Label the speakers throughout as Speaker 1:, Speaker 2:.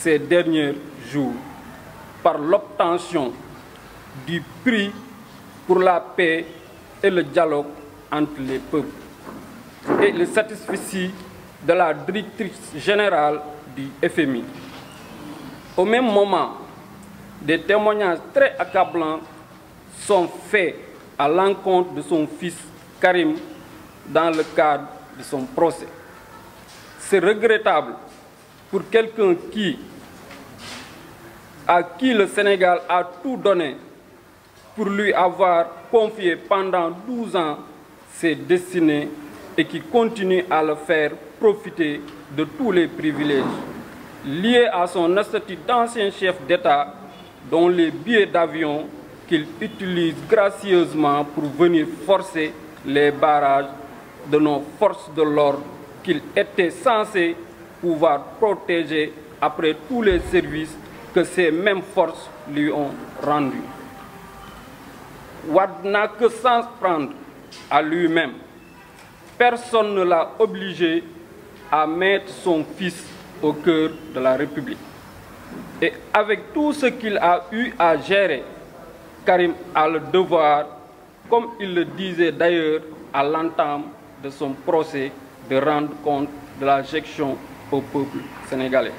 Speaker 1: ces derniers jours par l'obtention du prix pour la paix et le dialogue entre les peuples et le satisfait de la directrice générale du FMI. Au même moment, des témoignages très accablants sont faits à l'encontre de son fils Karim dans le cadre de son procès. C'est regrettable pour quelqu'un qui, à qui le Sénégal a tout donné pour lui avoir confié pendant 12 ans ses destinées et qui continue à le faire profiter de tous les privilèges liés à son statut d'ancien chef d'État dont les billets d'avion qu'il utilise gracieusement pour venir forcer les barrages de nos forces de l'ordre qu'il était censé pouvoir protéger après tous les services que ces mêmes forces lui ont rendu. Wad n'a que sans prendre à lui-même. Personne ne l'a obligé à mettre son fils au cœur de la République. Et avec tout ce qu'il a eu à gérer, Karim a le devoir, comme il le disait d'ailleurs à l'entame de son procès, de rendre compte de la au peuple sénégalais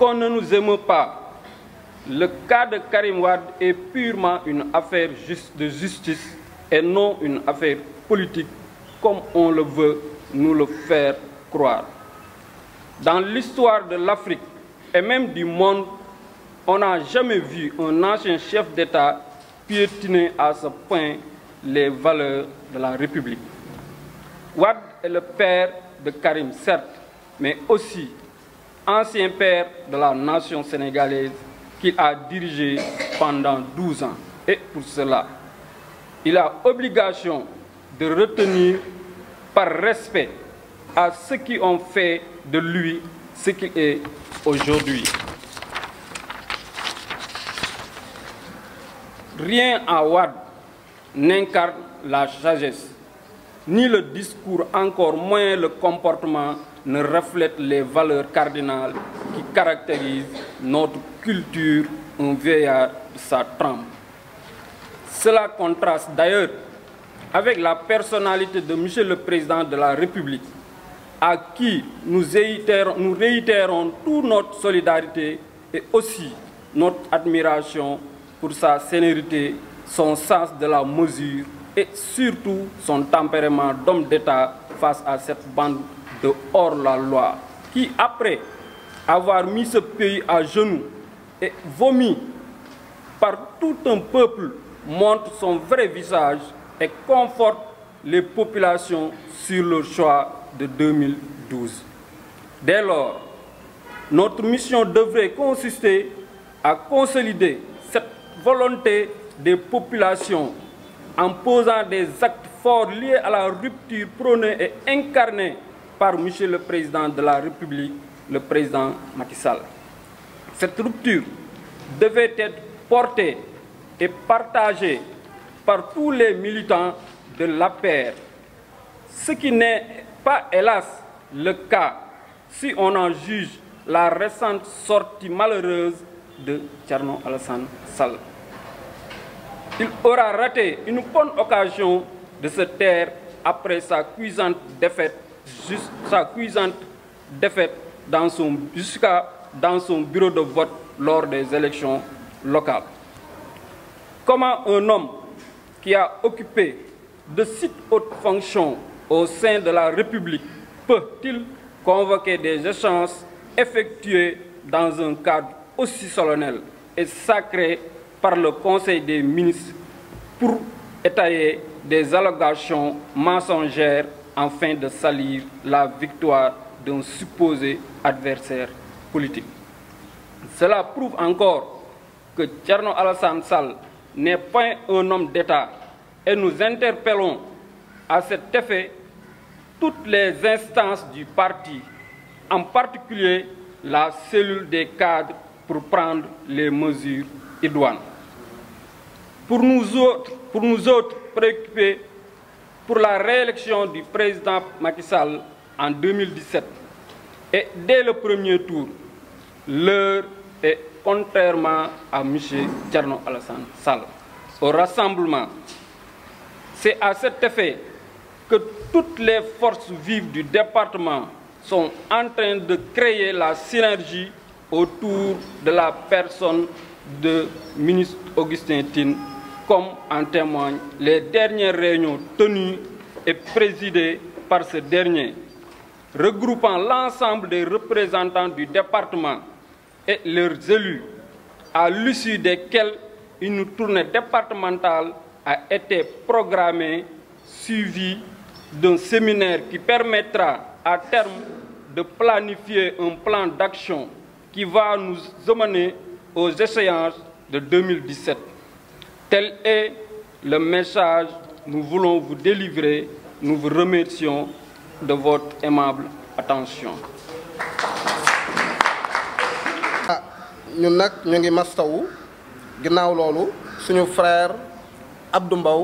Speaker 1: qu'on ne nous aime pas, le cas de Karim Ward est purement une affaire de justice et non une affaire politique comme on le veut nous le faire croire. Dans l'histoire de l'Afrique et même du monde, on n'a jamais vu un ancien chef d'État piétiner à ce point les valeurs de la République. Ward est le père de Karim, certes, mais aussi ancien père de la nation sénégalaise qu'il a dirigé pendant 12 ans. Et pour cela, il a obligation de retenir par respect à ceux qui ont fait de lui ce qu'il est aujourd'hui. Rien à Ouad n'incarne la sagesse, ni le discours, encore moins le comportement ne reflète les valeurs cardinales qui caractérisent notre culture, en vieillard de sa trempe. Cela contraste d'ailleurs avec la personnalité de M. le Président de la République, à qui nous, nous réitérons toute notre solidarité et aussi notre admiration pour sa sénérité, son sens de la mesure et surtout son tempérament d'homme d'État face à cette bande de hors-la-loi qui, après avoir mis ce pays à genoux et vomi par tout un peuple, montre son vrai visage et conforte les populations sur le choix de 2012. Dès lors, notre mission devrait consister à consolider cette volonté des populations en posant des actes fort lié à la rupture prônée et incarnée par M. le Président de la République, le Président Macky Sall. Cette rupture devait être portée et partagée par tous les militants de la paix, ce qui n'est pas, hélas, le cas si on en juge la récente sortie malheureuse de Tcherno Alassane Sall. Il aura raté une bonne occasion de se taire après sa cuisante défaite, sa cuisante défaite dans son, jusqu'à dans son bureau de vote lors des élections locales. Comment un homme qui a occupé de si hautes fonctions au sein de la République peut-il convoquer des échanges effectués dans un cadre aussi solennel et sacré par le Conseil des ministres pour étayer des allégations mensongères afin de salir la victoire d'un supposé adversaire politique. Cela prouve encore que Tcherno Alassane Sall n'est pas un homme d'État et nous interpellons à cet effet toutes les instances du parti, en particulier la cellule des cadres pour prendre les mesures idoines. Pour nous autres, pour nous autres préoccupé pour la réélection du président Macky Sall en 2017. Et dès le premier tour, l'heure est contrairement à M. Tcherno Alassane Sall au rassemblement. C'est à cet effet que toutes les forces vives du département sont en train de créer la synergie autour de la personne de ministre Augustin Tine comme en témoignent les dernières réunions tenues et présidées par ce dernier, regroupant l'ensemble des représentants du département et leurs élus, à l'issue desquels une tournée départementale a été programmée, suivie d'un séminaire qui permettra à terme de planifier un plan d'action qui va nous emmener aux échéances de 2017. Tel est le message que nous voulons vous délivrer. Nous vous remercions de votre aimable attention.
Speaker 2: Ah, ñun sommes ñu ngi mastawu ginnaaw suñu frère Abdou Mbow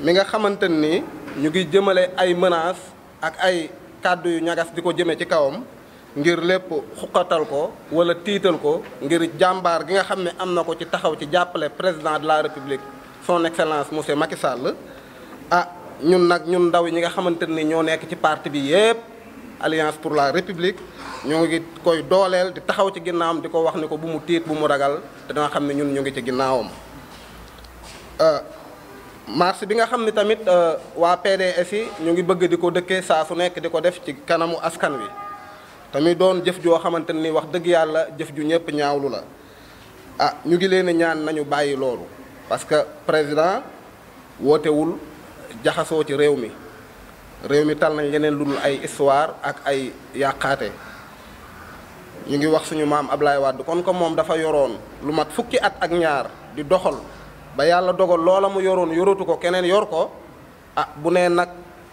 Speaker 2: mi nga xamante ñu ngi jëmale ay menaces ak ay cadeaux yu ñagas diko jëme ci kawam ngir lépp xuqatal ko wala tiital ko ngir jàmbaar gi nga xam ne am na ko ci taxaw ci jàppale président de la république son excellence monsieur Macky Sall ah ñun nag ñun ndaw ñi nga xamante ni ñoo nekk ci parti bi yépp alliance pour la république ñoo ngi koy dooleel di taxaw ci ginnaawam di ko wax ni ko bu mu tiit bu mu ragal te danga xam ne ñun ñu ngi ci ginnaawam. Ah, marche bi nga xam ni tamit ah, waa PDS yi ñu ngi bëgg di ko dëkkee saa su nekk di ko def ci kanamu askan wi. tammi don doon jëf joo xamantene ni wax dëgg yàlla jëf ju ñëpp ñaawlu la ah ñu ngi leen ñaan nañu bàyyi loolu parce que président wootewul jaxasoo ci réew mi réew mi tal nañ leneen lu dul ay histoire ak ay yàqaate ñu ngi wax suñu maam Ablaye Wade kon ko moom dafa yoroon lu mat fukki at ak ñaar di doxal ba yàlla dogal loola mu yoroon yorotu ko keneen yor ko ah bu nee nag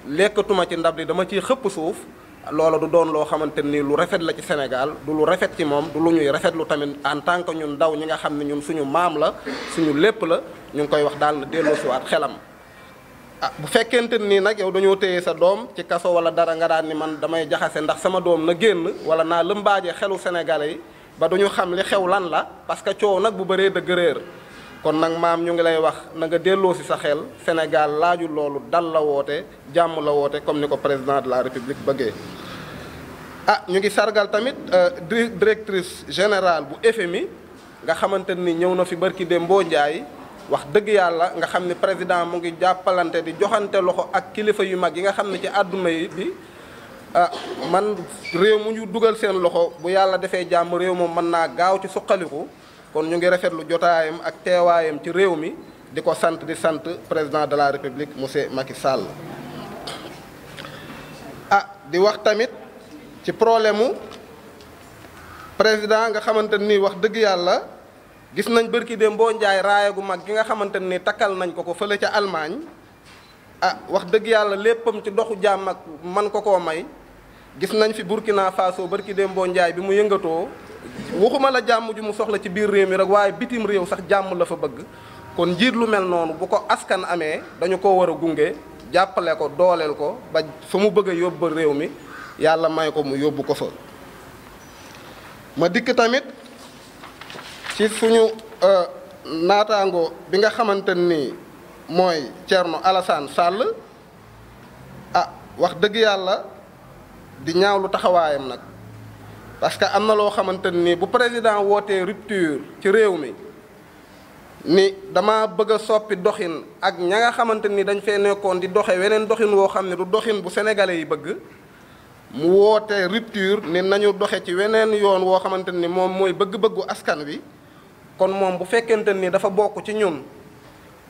Speaker 2: lekkatuma ci ndab dama ciy xëpp suuf loola du doon loo xamante nii lu rafet la ci Sénégal du lu rafet ci moom du lu ñuy rafetlu tamit en tant que ñun ndaw ñi nga xam ne ñun suñu maam la suñu lépp la ñu ngi koy wax daal na delloosiwaat xelam. ah bu fekkente nii nag yow dañoo téye sa doom ci kaso wala dara nga daan ni man damay jaxase ndax sama doom na génn wala naa la lëmbaaje xelu sénégalais yi ba duñu xam li xew lan la parce que coow nag bu bëree dëgg réer kon nag maam ñu ngi lay wax na nga delloo si sa xel Sénégal laaju loolu dal la woote jàmm la woote comme ni ko président de la république bëggee ah ñu ngi sargal tamit euh, directrice générale bu mi nga xamante ni ñëw na fi bërki de mboo wax dëgg yàlla nga xam ni président mu ngi jàppalante di joxante loxo ak kilifa yu mag yi nga xam ne ci àdduna yi bi ah, man réew mu ñu dugal seen loxo bu yàlla defee jàmm réew moom mën naa gaaw ci suqaliku kon ñu ngi rafetlu jotaayam ak teewaayam ci réew mi di ko sant di sant président de la république monsieur Macky Sall ah di wax tamit ci problème président nga xamanteni ni wax deug yalla gis nañ barki dem boo njaay raaya gu mag gi nga xamanteni ni takal nañ ko ko fële ci Allemagne ah wax deug yalla leppam ci doxu jam ak man ko ko may gis nañ fi Burkina Faso barki Dembo Njaay bi mu yëngatoo waxuma la jàmm ju mu soxla ci biir réew mi rek waaye bitim réew sax jàmm la fa bëgg kon njiit lu mel noonu bu ko askan amee dañu ko war a gunge jàppale ko dooleel ko ba fa mu bëgg yóbbu réew mi yàlla may ko mu yóbbu ko fa. ma dikk tamit ci suñu euh, naataango bi nga xamante ni mooy Thierno Alassane sàll ah wax dëgg yàlla. di ñaaw lu taxawaayam nag parce que am na loo xamante nii bu président wootee rupture ci réew mi ni dama bëgg a soppi doxin ak ña nga xamante ni dañ fee nekkoon di doxe weneen doxin woo xam ne du doxin bu sénégalais yi bëgg mu woote rupture ni nañu doxe ci weneen yoon woo xamante ni moom mooy bëgg-bëggu askan wi kon moom bu fekkente ni dafa bokk ci ñun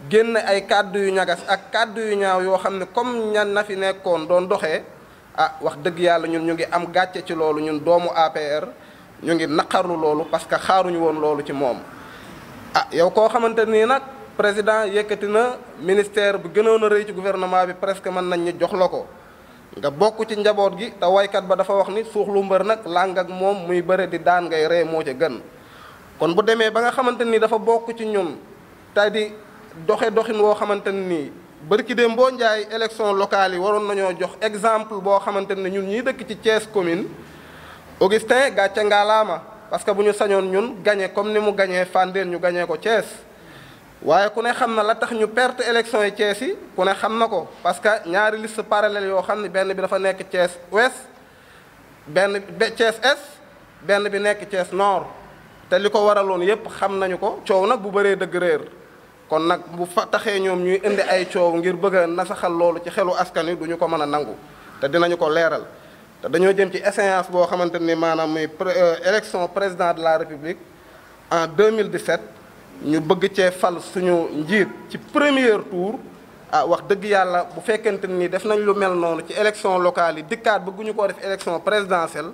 Speaker 2: génn ay kàddu yu ñagas ak kàddu yu ñaaw yoo xam ne comme ñan na fi nekkoon doon doxee ah wax deug yalla ñun ñu ngi am gatché ci loolu ñun doomu APR ñu ngi nakarlu loolu parce que xaaruñu won loolu ci mom ah yow ko xamanteni nak président yëkëti na ministère bu gënoon a rëy ci gouvernement bi presque man nañ ñu jox lako nga bokku ci njaboot gi way kat ba dafa wax ni suux lu mbër nag ak mom muy bëre di daan ngay ree mo ci gën kon bu démé ba nga xamanteni dafa bokku ci ñun tadi di doxe doxin woo barki dem boo njaay election locale waron nañu jox exemple bo xamantene ñun ñi dëkk ci Thiès commune Augustin gatcha ngalama parce que buñu sañon ñun gagné comme ni mu gagné fandel ñu gagné ko Thiès waye ku ne xamna la tax ñu perte election yi Thiès yi ku ne xamna ko parce que ñaari liste parallèle yo xamni benn bi dafa nekk Thiès ouest benn Thiès est benn bi nekk Thiès nord te liko ko yépp xam nañu ko ciow nak bu bëree deug réer kon nak bu fa taxee ñoom ñuy ënd ay ciow ngir bëgg na saxal loolu ci xélu askan wi duñu ko mëna nangu té dinañu ko léral té dañu jëm ci échéance bo xamanteni ni muy euh, élection président de la république en 2017 ñu bëgg ci fal suñu njiit ci premier tour ah wax dëgg yalla bu fekkent ni def nañ lu mel non ci élection locale yi dikkaat bëgguñu ko def élection présidentielle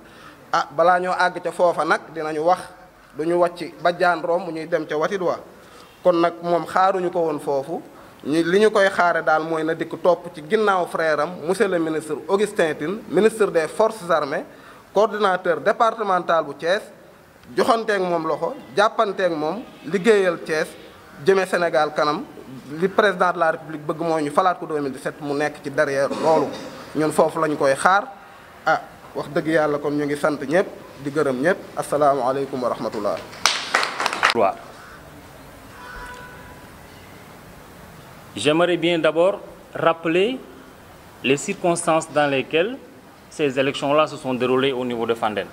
Speaker 2: ah bala ñoo ag ci fofa nak dinañu wax duñu wacc ba jaan rom mu ñuy dem ci watidwa kon nag moom xaaruñu ko woon foofu ñu li ñu koy xaare daal mooy na dikk topp ci ginnaaw frère am monsieur le ministre Augustin Tine ministre des forces armées coordinateur départemental bu Thiès joxanteeg moom loxo jàppanteek moom liggéeyal Thiès jëmee Sénégal kanam li président de la république bëgg mooy ñu falaat ko 2017 mu nekk ci derrière loolu ñun foofu la ñu koy xaar ah wax dëgg yàlla comme ñu ngi sant ñëpp di gërëm ñëpp asalaamaaleykum wa rahmatullah
Speaker 3: J'aimerais bien d'abord rappeler les circonstances dans lesquelles ces élections-là se sont déroulées au niveau de Fanden.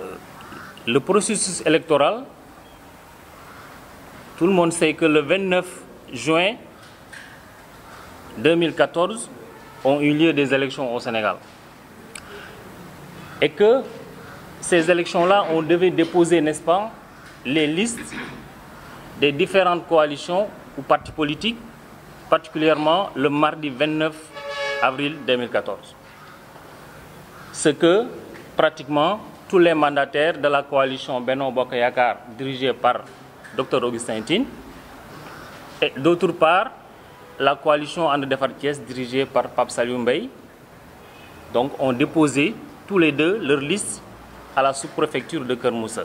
Speaker 3: Euh, le processus électoral, tout le monde sait que le 29 juin 2014 ont eu lieu des élections au Sénégal. Et que ces élections-là, on devait déposer, n'est-ce pas, les listes des différentes coalitions ou partis politiques, particulièrement le mardi 29 avril 2014. Ce que pratiquement tous les mandataires de la coalition Benon Bokayakar, dirigée par Dr Augustin Tin, et d'autre part, la coalition André Defartiès, dirigée par Pape Bay, donc ont déposé tous les deux leur liste à la sous-préfecture de Kermoussa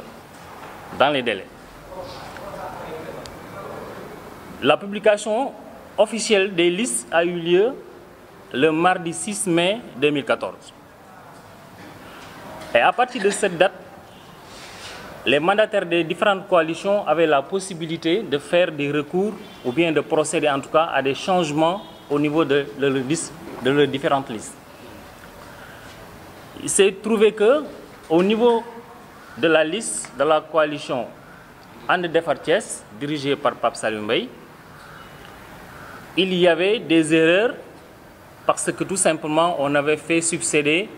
Speaker 3: dans les délais. La publication officielle des listes a eu lieu le mardi 6 mai 2014. Et à partir de cette date, les mandataires des différentes coalitions avaient la possibilité de faire des recours ou bien de procéder en tout cas à des changements au niveau de, leurs de différentes listes. Il s'est trouvé que au niveau de la liste de la coalition Anne Defarties, dirigée par Pape Salumbey, il y avait des erreurs parce que tout simplement on avait fait succéder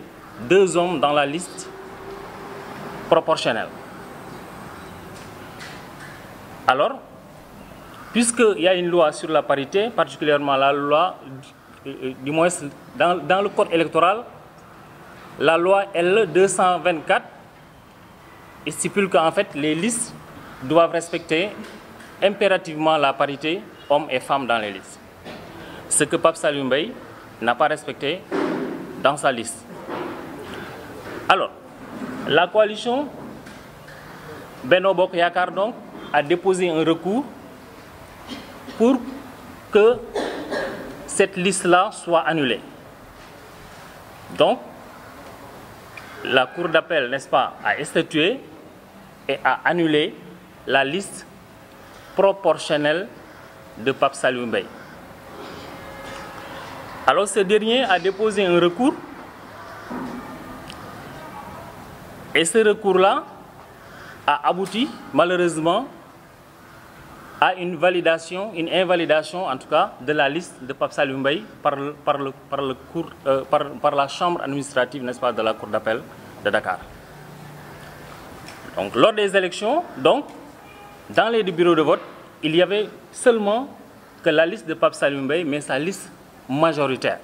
Speaker 3: deux hommes dans la liste proportionnelle. Alors, puisqu'il y a une loi sur la parité, particulièrement la loi, euh, euh, du moins dans, le code électoral, la loi L224 stipule qu'en fait les listes doivent respecter impérativement la parité hommes et femmes dans les listes ce que Pape Salumbey n'a pas respecté dans sa liste. Alors, la coalition Benobok Yakar donc, a déposé un recours pour que cette liste-là soit annulée. Donc, la Cour d'appel, n'est-ce pas, a institué et a annulé la liste proportionnelle de Pape Salumbey. Alors ce dernier a déposé un recours et ce recours-là a abouti malheureusement à une validation, une invalidation en tout cas de la liste de Pape Salumbay euh, par, par, la chambre administrative, n'est-ce pas, de la cour d'appel de Dakar. Donc lors des élections, donc, dans les bureaux de vote, il y avait seulement que la liste de Pape Salumbay, mais sa liste majoritaire,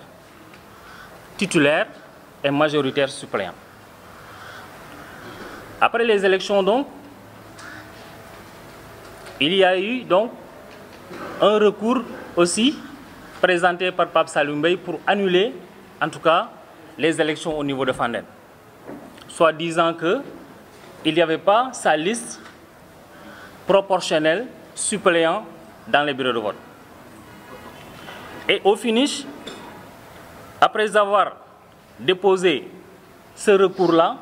Speaker 3: titulaire et majoritaire suppléant. Après les élections donc, il y a eu donc un recours aussi présenté par Pape Salumbey pour annuler en tout cas les élections au niveau de Fanden. Soit disant que il n'y avait pas sa liste proportionnelle suppléant dans les bureaux de vote. Et au finish, après avoir déposé ce recours-là,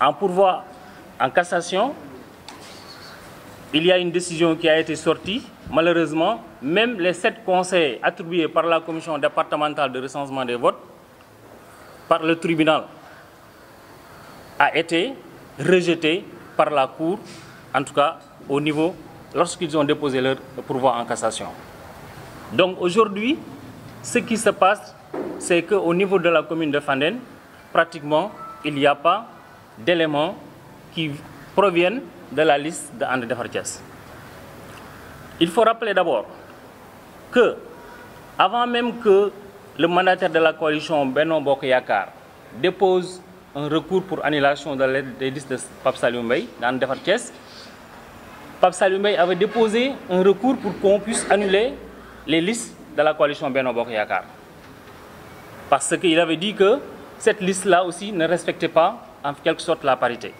Speaker 3: en pourvoi en cassation, il y a une décision qui a été sortie. Malheureusement, même les sept conseils attribués par la commission départementale de recensement des votes par le tribunal a été rejeté par la Cour, en tout cas au niveau, lorsqu'ils ont déposé leur pourvoi en cassation. Donc aujourd'hui, ce qui se passe, c'est qu'au niveau de la commune de Fanden, pratiquement, il n'y a pas d'éléments qui proviennent de la liste de André de Il faut rappeler d'abord que, avant même que le mandataire de la coalition Benon Bokyakar dépose un recours pour annulation de l'aide des listes de Pape Salumbey dans avait déposé un recours pour qu'on puisse annuler les listes de la coalition Beno Bok Yakar. Parce qu'il avait dit que cette liste-là aussi ne respectait pas en quelque sorte la parité.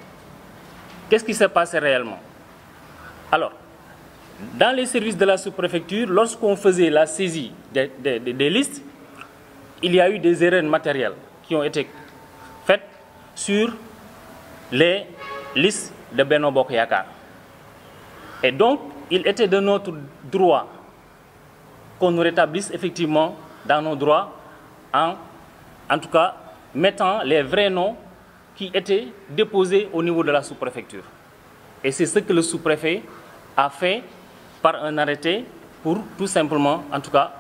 Speaker 3: Qu'est-ce qui s'est passé réellement Alors, dans les services de la sous-préfecture, lorsqu'on faisait la saisie des, listes, il y a eu des erreurs matérielles qui ont été faites sur les listes de Beno Bok Yakar. Et donc, il était de notre droit qu'on nous rétablisse effectivement dans nos droits en, en tout cas, mettant les vrais noms qui étaient déposés au niveau de la sous-préfecture. Et c'est ce que le sous-préfet a fait par un arrêté pour tout simplement, en tout cas,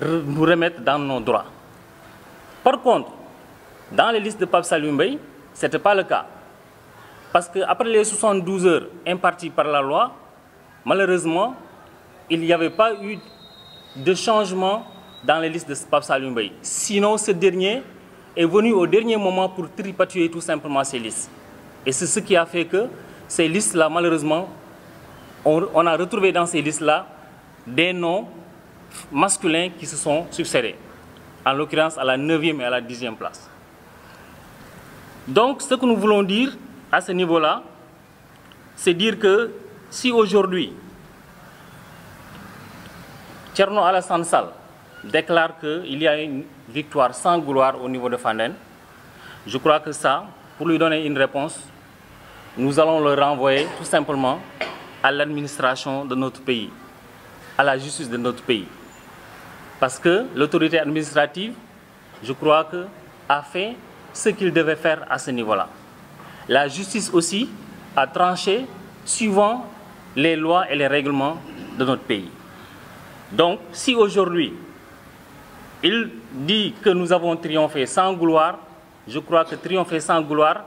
Speaker 3: nous remettre dans nos droits. Par contre, dans les listes de Pape Salumbe, ce n'était pas le cas. Parce qu'après les 72 heures imparties par la loi, malheureusement, il n'y avait pas eu de changement dans les listes de Pape Salim Sinon, ce dernier est venu au dernier moment pour tripatuer tout simplement ces listes. Et c'est ce qui a fait que ces listes-là, malheureusement, on, a retrouvé dans ces listes-là des noms masculins qui se sont succédés. En l'occurrence, à la 9e et à la 10e place. Donc, ce que nous voulons dire à ce niveau-là, c'est dire que si aujourd'hui, Tcherno Alassane Sall déclare qu'il y a une victoire sans gloire au niveau de Fanden, je crois que ça, pour lui donner une réponse, nous allons le renvoyer tout simplement à l'administration de notre pays, à la justice de notre pays. Parce que l'autorité administrative, je crois que a fait ce qu'il devait faire à ce niveau-là. La justice aussi a tranché suivant les lois et les règlements de notre pays. Donc, si aujourd'hui, il dit que nous avons triomphé sans gloire, je crois que triompher sans gloire,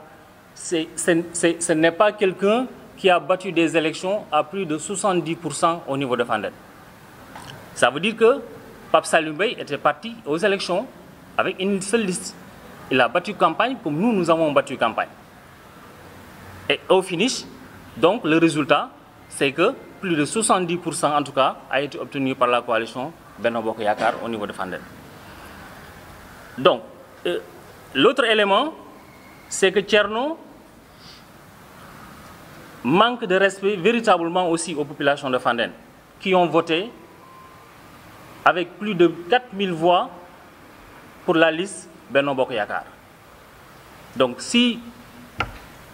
Speaker 3: ce n'est pas quelqu'un qui a battu des élections à plus de 70% au niveau de Fandel. Ça veut dire que Pape Salumbey était parti aux élections avec une seule liste. Il a battu campagne comme nous, nous avons battu campagne. Et au finish, donc le résultat, c'est que plus de 70% en tout cas, a été obtenu par la coalition Bok Yakar au niveau de Fanden. Donc, euh, l'autre élément, c'est que Tcherno manque de respect véritablement aussi aux populations de Fanden qui ont voté avec plus de 4000 voix pour la liste Bok Yakar. Donc, si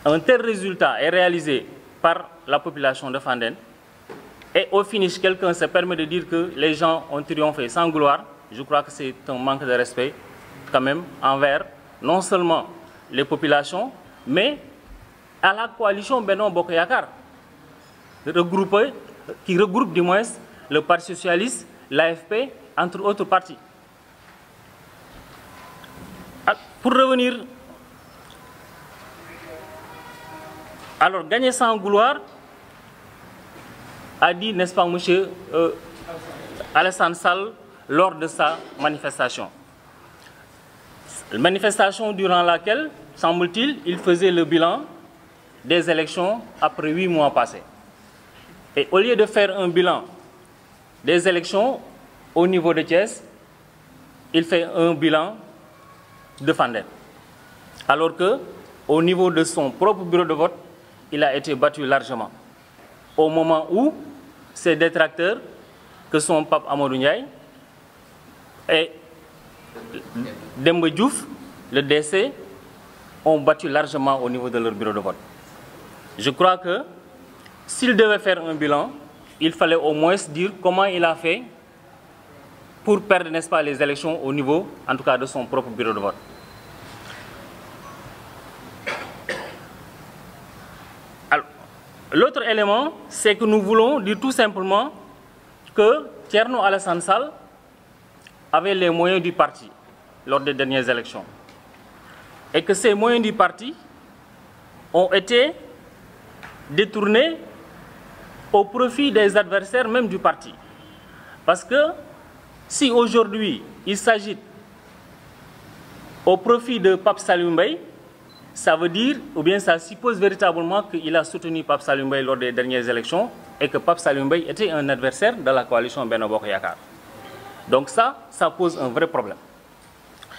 Speaker 3: un tel résultat est réalisé par la population de Fanden, et au finish, quelqu'un se permet de dire que les gens ont triomphé sans gloire. Je crois que c'est un manque de respect quand même envers non seulement les populations, mais à la coalition Benon Bokoyakar, qui regroupe du moins le Parti Socialiste, l'AFP, entre autres partis. Ah, pour revenir, alors gagner sans gloire, a dit, n'est-ce pas, monsieur euh, Alassane Sall, lors de sa manifestation. Une manifestation durant laquelle, semble-t-il, il faisait le bilan des élections après huit mois passés. Et au lieu de faire un bilan des élections au niveau de Thiès, il fait un bilan de Fandel. Alors que, au niveau de son propre bureau de vote, il a été battu largement. Au moment où ses détracteurs, que sont Pape Amadou Ndiaye et Dembe Diouf, le DC, ont battu largement au niveau de leur bureau de vote. Je crois que s'il devait faire un bilan, il fallait au moins dire comment il a fait pour perdre, n'est-ce pas, les élections au niveau, en tout cas, de son propre bureau de vote. L'autre élément, c'est que nous voulons dire tout simplement que Tierno Alassane Sall avait les moyens du parti lors des dernières élections. Et que ces moyens du parti ont été détournés au profit des adversaires même du parti. Parce que si aujourd'hui il s'agit au profit de Pape Salumbay, ça veut dire, ou bien ça suppose véritablement qu'il a soutenu Pape Salumbey lors des dernières élections et que Pape Salumbey était un adversaire de la coalition Benobok Yakar. Donc ça, ça pose un vrai problème.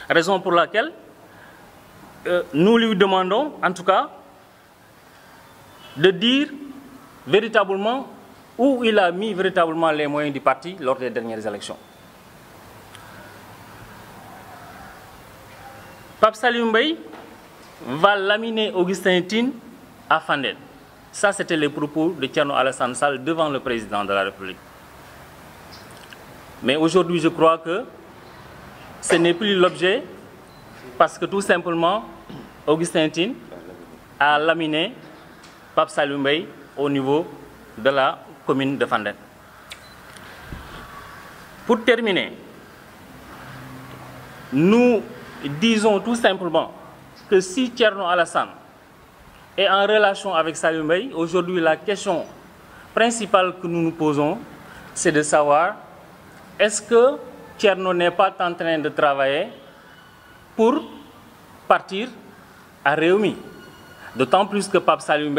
Speaker 3: Raison pour laquelle euh, nous lui demandons, en tout cas, de dire véritablement où il a mis véritablement les moyens du parti lors des dernières élections. Pape Bey va laminer Augustin Tine à Fandel. Ça, c'était les propos de Tiano Alassane Sall devant le président de la République. Mais aujourd'hui, je crois que ce n'est plus l'objet parce que tout simplement, Augustin Tine a laminé Pape Salumbey au niveau de la commune de Fandel. Pour terminer, nous disons tout simplement si Tcherno Alassane est en relation avec Salim aujourd'hui la question principale que nous nous posons, c'est de savoir est-ce que Tcherno n'est pas en train de travailler pour partir à Réumi D'autant plus que Pape Salim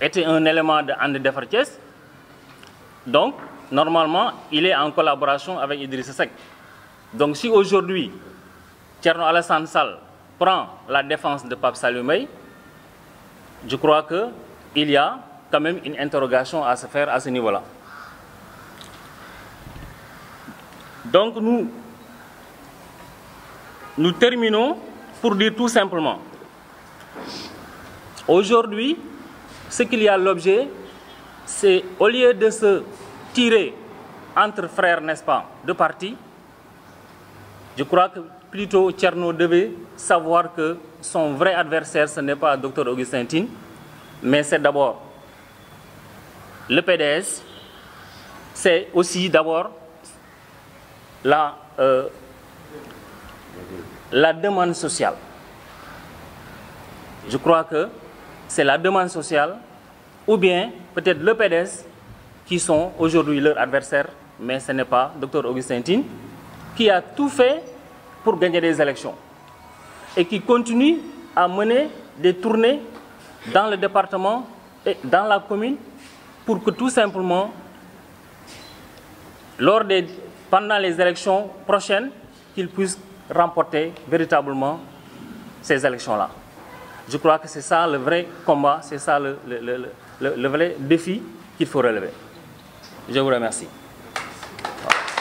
Speaker 3: était un élément de André Defertiès. Donc, normalement, il est en collaboration avec Idriss Seck. Donc, si aujourd'hui, Tcherno Alassane sale prend la défense de Pape Salomé je crois que il y a quand même une interrogation à se faire à ce niveau-là. Donc nous, nous terminons pour dire tout simplement, aujourd'hui, ce qu'il y a l'objet, c'est au lieu de se tirer entre frères, n'est-ce pas, de partis, je crois que plutôt Tcherno devait savoir que son vrai adversaire, ce n'est pas Dr Augustin mais c'est d'abord le PDS, c'est aussi d'abord la, euh, la demande sociale. Je crois que c'est la demande sociale ou bien peut-être le PDS qui sont aujourd'hui leurs adversaires, mais ce n'est pas Dr Augustin qui a tout fait pour gagner des élections et qui continue à mener des tournées dans le département et dans la commune pour que tout simplement, lors des, pendant les élections prochaines, qu'ils puissent remporter véritablement ces élections-là. Je crois que c'est ça le vrai combat, c'est ça le vrai défi qu'il faut relever. Je vous remercie.